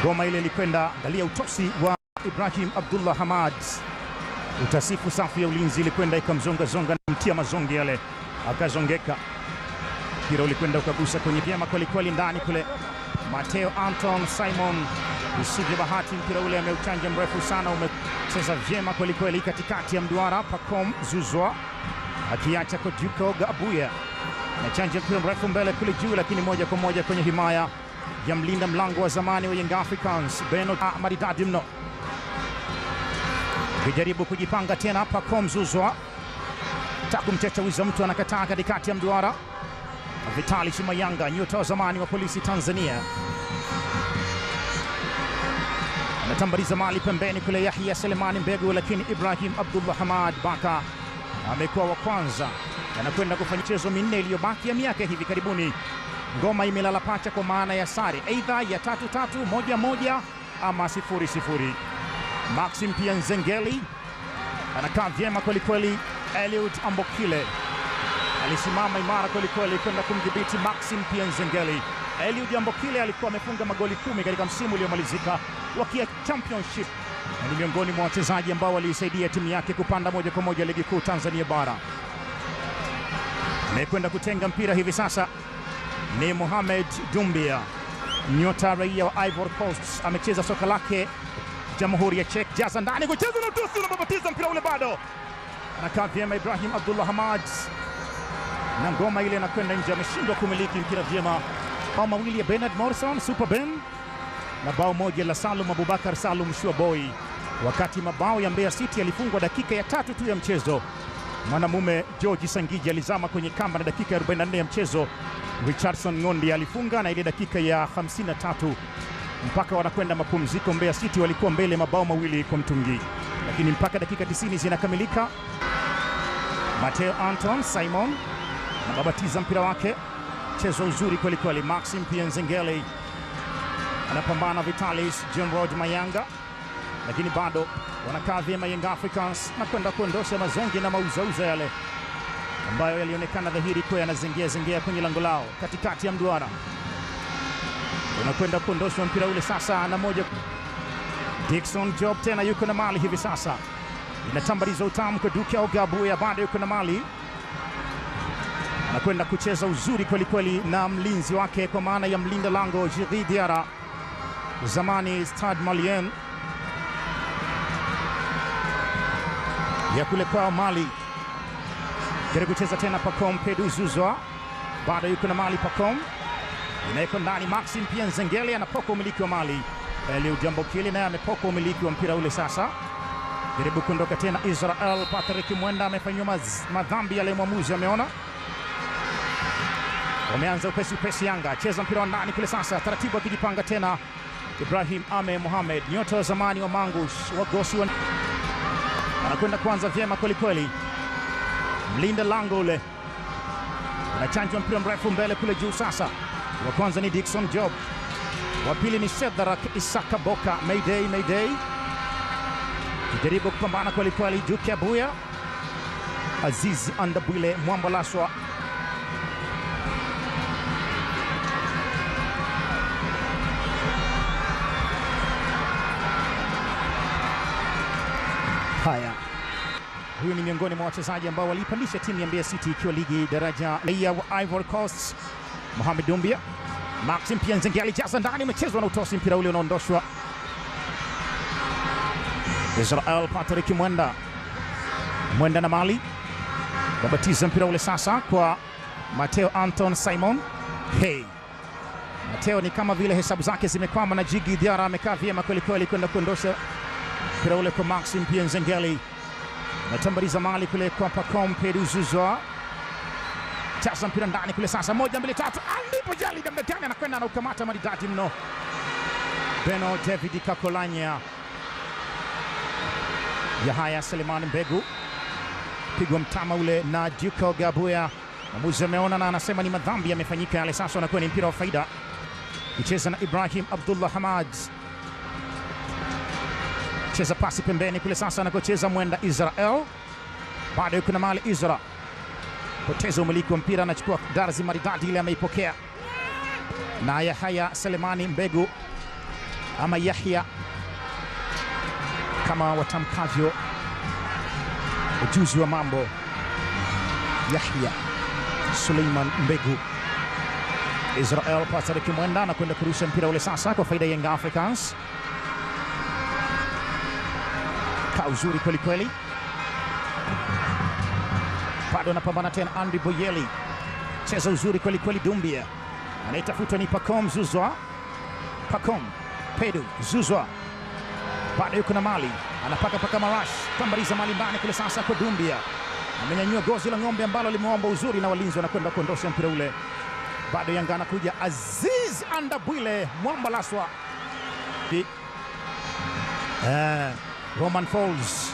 Ngoma ile ilikwenda, angalia utosi wa Ibrahim Abdullah Hamad, utasifu safu ya ulinzi ilikwenda ikamzongazonga na mtia mazonge yale, akazongeka. Mpira ulikwenda ukagusa kwenye vyema kwelikweli ndani kule. Mateo Anton Simon, usivyo bahati, mpira ule ameuchanja mrefu sana, umecheza vyema kwelikweli katikati ya mduara. Pacom Zuzwa akiacha kwa Duke Ogabuya, Abuya, nachanja mpira mrefu mbele kule juu, lakini moja kwa moja kwenye himaya ya mlinda mlango wa zamani wa Young Africans Beno maridadi mno, kijaribu kujipanga tena hapa. Komzuzwa takumchachawiza mtu anakataa katikati ya mduara. Vitali Chimayanga, nyota wa zamani wa polisi Tanzania, anatambaliza mali pembeni kule. Yahya Selemani Mbegu, lakini Ibrahim Abdullah Hamad Baka amekuwa wa kwanza yanakwenda kufanya michezo minne iliyobaki ya miaka hivi karibuni. Ngoma imelala pacha kwa maana ya sare, aidha ya tatu tatu, moja moja ama sifuri sifuri. Maxim pia Nzengeli anakaa vyema kwelikweli. Eliud Ambokile alisimama imara kwelikweli kwenda kumdhibiti Maxim pia Nzengeli. Eliud Ambokile alikuwa amefunga magoli kumi katika msimu uliomalizika wa KIA Championship na ni miongoni mwa wachezaji ambao waliisaidia timu yake kupanda moja kwa moja ligi kuu Tanzania bara amekwenda kutenga mpira hivi sasa ni Mohamed Dumbia, nyota raia wa Ivory Coast, amecheza soka lake Jamhuri ya Czech, jaza ndani, kucheza na utusi unababatiza mpira ule, bado anakaa vyema Ibrahim Abdullah Hamad, na ngoma ile inakwenda nje, ameshindwa kumiliki mpira vyema. Bao mawili ya Bernard Morrison Super Ben na bao moja la Salum Abubakar Salum shua Boy, wakati mabao ya Mbeya City yalifungwa dakika ya tatu tu ya mchezo. Mwanamume George Sangiji alizama kwenye kamba na dakika ya 44 ya mchezo. Richardson Ngondi alifunga na ile dakika ya 53 mpaka wanakwenda mapumziko. Mbeya City walikuwa mbele mabao mawili kwa mtungi, lakini mpaka dakika 90 zinakamilika. Mateo Anton Simon anababatiza mpira wake, mchezo uzuri kwelikweli. Maxim Pienzengeli anapambana, Vitalis John Rod Mayanga, lakini bado wanakaa vyema Young Africans na kwenda kuondosha mazonge na mauzauza yale ambayo yalionekana dhahiri kuwa yanazingia zingia kwenye lango lao katikati ya mduara. Unakwenda kuondoshwa mpira ule sasa na moja. Dickson Job tena yuko na mali hivi sasa, inatambaliza utamu kwa Duke Ogabuya, bado yuko na mali anakwenda kucheza uzuri kwelikweli na mlinzi wake, kwa maana ya mlinda lango Jiri Diara, zamani Stade Malien. ya kule kwao Mali. Kere kucheza tena Pacom Pedu Zuzwa, bado yuko na Mali. Pacom inawekwa ndani, Maxim pia Nzengeli anapoka umiliki wa Mali. Eliud Jambokili naye amepoka umiliki wa mpira ule. Sasa jaribu kuondoka tena Israel. Patrick Mwenda amefanyiwa madhambi yale, mwamuzi ameona. Wameanza upesi upesi, Yanga cheza mpira wa ndani kule. Sasa taratibu akijipanga tena Ibrahim Ame Mohamed, nyota wa zamani wa Mangus wagosi wa anakwenda kwanza vyema kwelikweli, mlinda lango ule anachanjwa mpira mrefu mbele kule juu. Sasa wa kwanza ni Dickson Job, wa pili ni Shedharak Isaka Boka. Mayday, Mayday kijaribu kupambana kwelikweli, Juke Abuya, Azizi Andabwile, Mwamba Haya, huyu ni miongoni mwa wachezaji ambao waliipandisha timu ya Mbeya City ikiwa ligi daraja ya Ivory Coast. Mohamed Dumbia, Maxim pia alijaza ndani, umechezwa na utosi, mpira ule unaondoshwa. Israel Patrick Mwenda, Mwenda na Mali wabatiza mpira ule sasa kwa Mateo Anton Simon. Hey, Mateo ni kama vile hesabu zake zimekwama, na Jigi Diara amekaa vyema kwelikweli kwenda kuondosha mpira ule kwa Maxim Pienzengeli, anatambaliza mali kule kwa Pacome Zouzoua, chasa mpira ndani kule. Sasa moja mbili tatu, alipo jali namna gani anakwenda anaukamata maridadi mno, Beno David Kakolanya. Yahaya Selemani Mbegu pigwa mtama ule na Duko Gabuya, mwamuzi ameona na anasema ni madhambi yamefanyika yale. Sasa anakuwa ni mpira wa faida, kicheza na Ibrahim Abdullah Hamad cheza pasi pembeni kule, sasa anakocheza mwenda Israel, bado yuko na mali Israel, poteza umiliki wa mpira, anachukua darzi maridadi ile, ameipokea na Yahya Selemani Mbegu ama Yahya kama watamkavyo ujuzi wa mambo, Yahya Suleiman Mbegu. Israel Patrick Mwenda anakwenda kurusha mpira ule sasa kwa faida ya Young Africans. Amekaa uzuri kweli kweli, bado anapambana tena. Andri Boyeli cheza uzuri kweli kweli. Dumbia anaitafuta ni Pacom Zuzwa, Pacom Pedu Zuzwa bado yuko na mali, anapaka paka marash, tambariza mali ndani kule. Sasa kwa Dumbia amenyanyua gozi la ng'ombe ambalo limeomba uzuri na walinzi wanakwenda kuondosha mpira ule. Bado Yanga anakuja Aziz Andabwile Mwamba Laswa. Eh. Roman Falls.